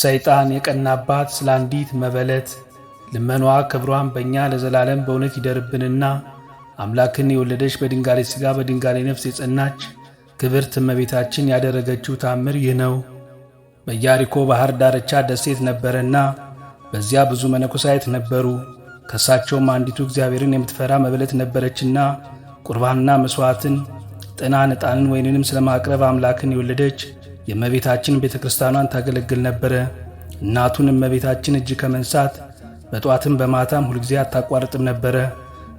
ሰይጣን የቀናባት ስለ አንዲት መበለት ልመኗ ክብሯን በእኛ ለዘላለም በእውነት ይደርብንና አምላክን የወለደች በድንጋሌ ሥጋ በድንጋሌ ነፍስ የጸናች ክብርት እመቤታችን ያደረገችው ታምር ይህ ነው። በኢያሪኮ ባሕር ዳርቻ ደሴት ነበረና በዚያ ብዙ መነኮሳየት ነበሩ። ከእሳቸውም አንዲቱ እግዚአብሔርን የምትፈራ መበለት ነበረችና ቁርባንና መሥዋዕትን፣ ጥናን፣ ዕጣንን፣ ወይንንም ማቅረብ አምላክን የወለደች የእመቤታችን ቤተ ክርስቲያኗን ታገለግል ነበረ። እናቱን እመቤታችን እጅ ከመንሳት በጧትም በማታም ሁልጊዜ አታቋርጥም ነበረ።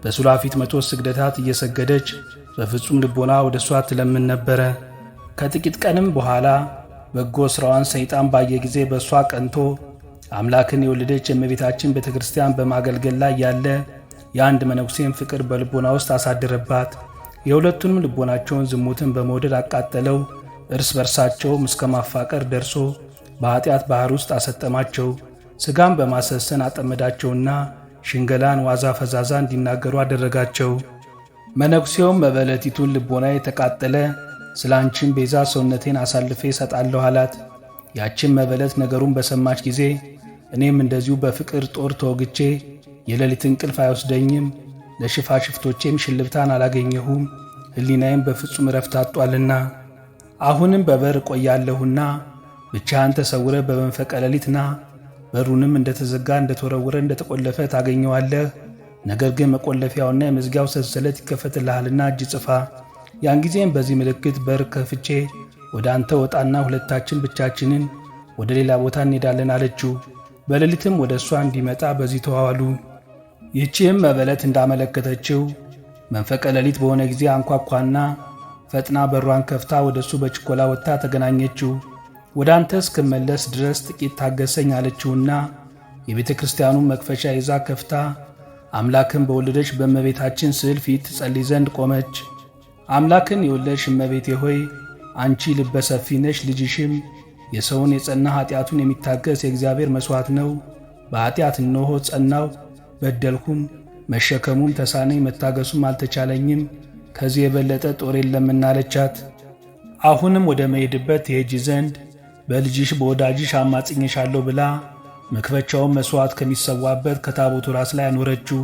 በሱላፊት መቶ ስግደታት እየሰገደች በፍጹም ልቦና ወደ እሷ ትለምን ነበረ። ከጥቂት ቀንም በኋላ በጎ ሥራዋን ሰይጣን ባየ ጊዜ በእሷ ቀንቶ አምላክን የወለደች የእመቤታችን ቤተ ክርስቲያን በማገልገል ላይ ያለ የአንድ መነኩሴን ፍቅር በልቦና ውስጥ አሳደረባት። የሁለቱንም ልቦናቸውን ዝሙትን በመውደድ አቃጠለው። እርስ በርሳቸውም እስከ ማፋቀር ደርሶ በኃጢአት ባሕር ውስጥ አሰጠማቸው። ሥጋም በማሰሰን አጠመዳቸውና ሽንገላን፣ ዋዛ ፈዛዛ እንዲናገሩ አደረጋቸው። መነኩሴውም መበለቲቱን ልቦና የተቃጠለ ስለ አንቺም ቤዛ ሰውነቴን አሳልፌ እሰጣለሁ አላት። ያችን መበለት ነገሩን በሰማች ጊዜ እኔም እንደዚሁ በፍቅር ጦር ተወግቼ የሌሊት እንቅልፍ አይወስደኝም፣ ለሽፋሽፍቶቼም ሽልብታን አላገኘሁም፣ ሕሊናዬም በፍጹም እረፍት አጧልና አሁንም በበር ቆያለሁና ብቻህን ተሰውረ በመንፈቀ ሌሊትና በሩንም እንደተዘጋ እንደተወረወረ እንደተቆለፈ ታገኘዋለህ። ነገር ግን መቆለፊያውና የመዝጊያው ሰንሰለት ይከፈትልሃልና እጅ ጽፋ። ያን ጊዜም በዚህ ምልክት በር ከፍቼ ወደ አንተ ወጣና ሁለታችን ብቻችንን ወደ ሌላ ቦታ እንሄዳለን አለችው። በሌሊትም ወደ እሷ እንዲመጣ በዚህ ተዋዋሉ። ይህችም መበለት እንዳመለከተችው መንፈቀ ሌሊት በሆነ ጊዜ አንኳኳና ፈጥና በሯን ከፍታ ወደ እሱ በችኮላ ወጥታ ተገናኘችው። ወደ አንተ እስክመለስ ድረስ ጥቂት ታገሰኝ አለችውና የቤተ ክርስቲያኑን መክፈቻ ይዛ ከፍታ አምላክን በወለደች በእመቤታችን ስዕል ፊት ትጸልይ ዘንድ ቆመች። አምላክን የወለድሽ እመቤቴ ሆይ አንቺ ልበ ሰፊ ነሽ። ልጅሽም የሰውን የጸና ኃጢአቱን የሚታገስ የእግዚአብሔር መሥዋዕት ነው። በኃጢአት እነሆ ጸናው፣ በደልኩም፣ መሸከሙም ተሳነኝ፣ መታገሱም አልተቻለኝም ከዚህ የበለጠ ጦር የለምና አለቻት። አሁንም ወደ መሄድበት ትሄጂ ዘንድ በልጅሽ በወዳጅሽ አማጽኝሻለሁ ብላ መክፈቻውን መሥዋዕት ከሚሰዋበት ከታቦቱ ራስ ላይ አኖረችው።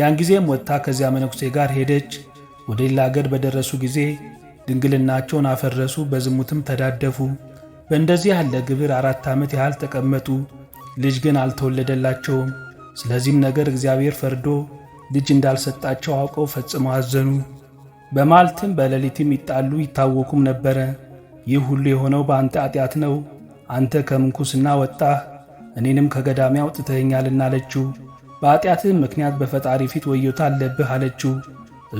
ያን ጊዜም ወጥታ ከዚያ መነኩሴ ጋር ሄደች። ወደ ሌላ አገር በደረሱ ጊዜ ድንግልናቸውን አፈረሱ፣ በዝሙትም ተዳደፉ። በእንደዚህ ያለ ግብር አራት ዓመት ያህል ተቀመጡ። ልጅ ግን አልተወለደላቸውም። ስለዚህም ነገር እግዚአብሔር ፈርዶ ልጅ እንዳልሰጣቸው አውቀው ፈጽመው አዘኑ። በማልትም በሌሊትም ይጣሉ ይታወኩም ነበረ። ይህ ሁሉ የሆነው በአንተ ኃጢአት ነው። አንተ ከምንኩስና ወጣህ፣ እኔንም ከገዳሜ አውጥተኸኛልና አለችው። በኃጢአትህም ምክንያት በፈጣሪ ፊት ወዮታ አለብህ አለችው።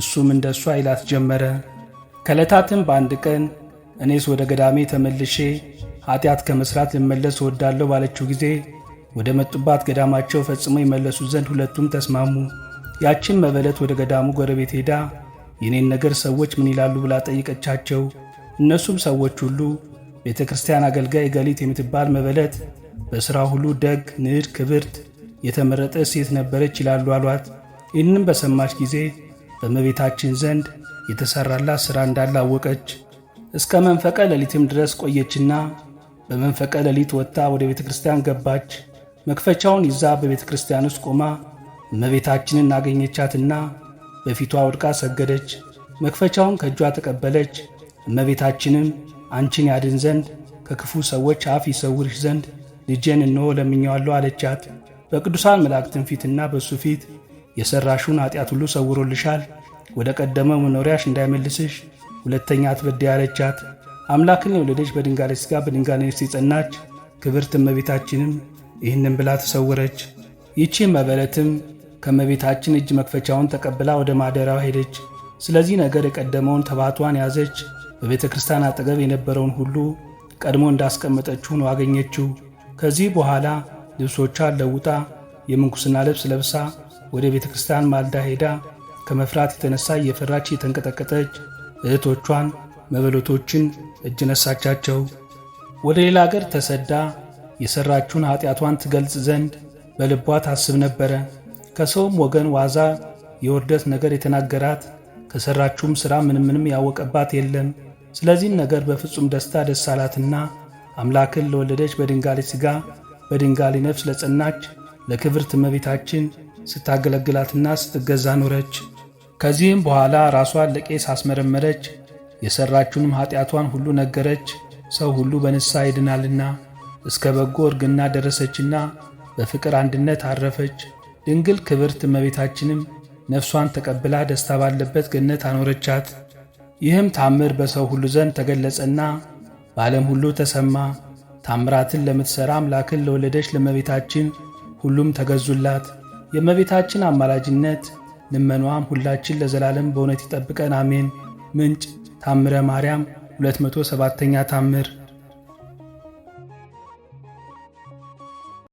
እሱም እንደ እሱ አይላት ጀመረ። ከዕለታትም በአንድ ቀን እኔስ ወደ ገዳሜ ተመልሼ ኃጢአት ከመሥራት ልመለስ እወዳለሁ ባለችው ጊዜ ወደ መጡባት ገዳማቸው ፈጽሞ ይመለሱ ዘንድ ሁለቱም ተስማሙ። ያችን መበለት ወደ ገዳሙ ጎረቤት ሄዳ የኔን ነገር ሰዎች ምን ይላሉ ብላ ጠይቀቻቸው። እነሱም ሰዎች ሁሉ ቤተ ክርስቲያን አገልጋይ ገሊት የምትባል መበለት በሥራ ሁሉ ደግ፣ ንድ፣ ክብርት የተመረጠ ሴት ነበረች ይላሉ አሏት። ይህንም በሰማች ጊዜ በእመቤታችን ዘንድ የተሠራላት ሥራ እንዳላወቀች እስከ መንፈቀ ሌሊትም ድረስ ቆየችና በመንፈቀ ሌሊት ወጥታ ወደ ቤተ ክርስቲያን ገባች። መክፈቻውን ይዛ በቤተ ክርስቲያን ውስጥ ቆማ እመቤታችንን አገኘቻትና በፊቷ ወድቃ ሰገደች። መክፈቻውን ከእጇ ተቀበለች። እመቤታችንም አንቺን ያድን ዘንድ ከክፉ ሰዎች አፍ ይሰውርሽ ዘንድ ልጄን እንሆ ለምኜዋለሁ አለቻት። በቅዱሳን መላእክትን ፊትና በእሱ ፊት የሠራሹን ኃጢአት ሁሉ ሰውሮልሻል፣ ወደ ቀደመ መኖሪያሽ እንዳይመልስሽ ሁለተኛ አትበድይ አለቻት። አምላክን የወለደች በድንጋሌ ሥጋ በድንጋሌ ነፍስ የጸናች ክብርት እመቤታችንም ይህንም ብላ ተሰወረች። ይቺ መበለትም ከመቤታችን እጅ መክፈቻውን ተቀብላ ወደ ማደሪያው ሄደች። ስለዚህ ነገር የቀደመውን ተባቷን ያዘች። በቤተ ክርስቲያን አጠገብ የነበረውን ሁሉ ቀድሞ እንዳስቀመጠችው ነው አገኘችው። ከዚህ በኋላ ልብሶቿን ለውጣ የምንኩስና ልብስ ለብሳ ወደ ቤተ ክርስቲያን ማልዳ ሄዳ ከመፍራት የተነሳ እየፈራች እየተንቀጠቀጠች እህቶቿን መበለቶችን እጅ ነሳቻቸው። ወደ ሌላ አገር ተሰዳ የሠራችውን ኀጢአቷን ትገልጽ ዘንድ በልቧ ታስብ ነበረ። ከሰውም ወገን ዋዛ የወርደት ነገር የተናገራት ከሠራችውም ሥራ ምንም ምንም ያወቀባት የለም። ስለዚህም ነገር በፍጹም ደስታ ደስ አላትና አምላክን ለወለደች በድንጋሌ ሥጋ በድንጋሌ ነፍስ ለጸናች ለክብርት እመቤታችን ስታገለግላትና ስትገዛ ኖረች። ከዚህም በኋላ ራሷን ለቄስ አስመረመረች። የሠራችውንም ኀጢአቷን ሁሉ ነገረች። ሰው ሁሉ በንሳ ይድናልና እስከ በጎ እርግና ደረሰችና በፍቅር አንድነት አረፈች። ድንግል ክብርት እመቤታችንም ነፍሷን ተቀብላ ደስታ ባለበት ገነት አኖረቻት። ይህም ታምር በሰው ሁሉ ዘንድ ተገለጸና በዓለም ሁሉ ተሰማ። ታምራትን ለምትሠራ አምላክን ለወለደች ለእመቤታችን ሁሉም ተገዙላት። የእመቤታችን አማላጅነት ልመኗም ሁላችን ለዘላለም በእውነት ይጠብቀን፣ አሜን። ምንጭ ታምረ ማርያም 207ኛ ታምር